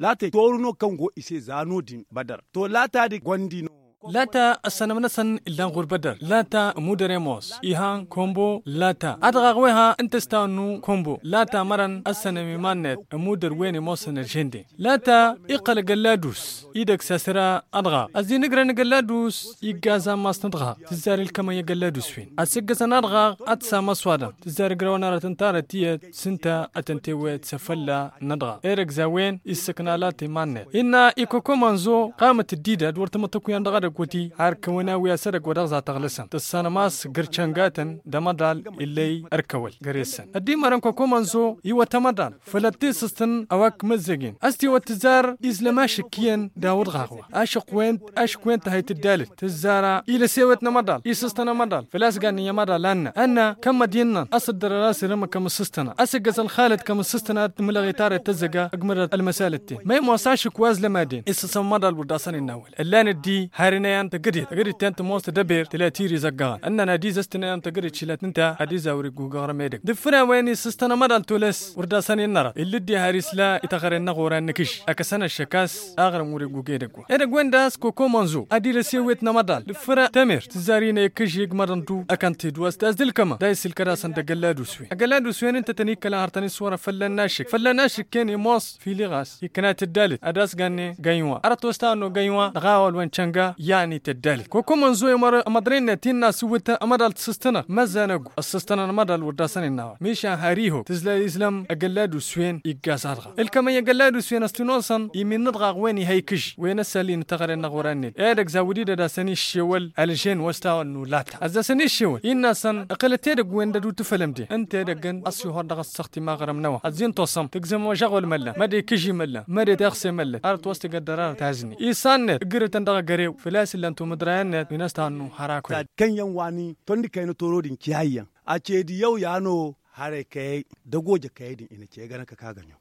late toruno kango ise zano din badar to lata di gwandino no lata asanamna san ildan gurbadar lata mudaremos ihan kombo lata adga gweha intestanu kombo lata maran asanami manet mudar wene mosaner jende lata iqal galladus idak sasira adga azin igran galladus igaza masnadga tizar kama ya galladus fin asigasan adga atsa maswada tizar grawana ratantara tiyat sinta atantewet safalla nadga erek zawen isakna lati manet inna ikokomanzo qamat dida dwartamatakuyan daga وتي أركونا وياسر قدرزا تغلسن تسانا ماس قرشنغاتن دمدال إلي أركول قريسن الدي مرنكو كومانزو يو تمدال فلتي سستن أواك مزيجين أستي وتزار إزلما شكيا داود غاغوة أشق وين أشق وين تهيت الدالت تزارا إلى سيوت نمدال إسستنا مدال فلاس قاني يمدال لنا أنا كم ديننا أصدر راسي رمى كم سستنا أسقز الخالد كم سستنا ملغي تاري تزقا أقمر المسالتي ما يموساش كواز لما دين إسسن مدال برداسان الناول اللان الدي هارنا تنين تقري تقري تنت موست دبير تلا تيري زقان أن نادي زستنين تقري تشيلات نتا هادي زاوري جوجار ميدك دفنا ويني سستنا مدال تولس وردا سني نرى اللي دي هاريس لا يتغري النغورة نكش أكسنا الشكاس أغرى موري جوجيرك إذا داس كوكو منزو أدي لسيويت نمدال دفرا تمر تزارينا يكش يك مدن تو أكن تدوس تازدل كما دايس الكراس أنت قلادو سوي قلادو سوي أنت تنيك لا هرتني صورة فلا ناشك فلا ناشك كان يموس في لغاس يكنات الدالت أداس غاني غايوا أرتوستا أنه غايوا دغاول وين يا yani teddali ko ko manzo mar madrinne tinna suwita amadal sistana mazanagu sistana madal wadasan inawa mishan hariho tisla islam agalladu swen igasarga ilkama yagalladu swen astunosan iminadga wani haykish wena salin tagare nagwaranil edag zawidida da sani shewal aljen wastawan nulata azza sani shewal inna san aqalate wenda du tfalamde anta dagan asyuhar daga sakti magram nawa azin tosam تقزم شغل ملا ما دي كجي ملا ما دي تغسي ملا ارت وسط قدرار تازني ايسان قرت اندغا قريو فلا da silanto mudrayan ne minastanu harakwe kenyan wani tondi toro din kiyayen a cedi yau yano hare kai goje kai din ina ke ganan ka ganyo.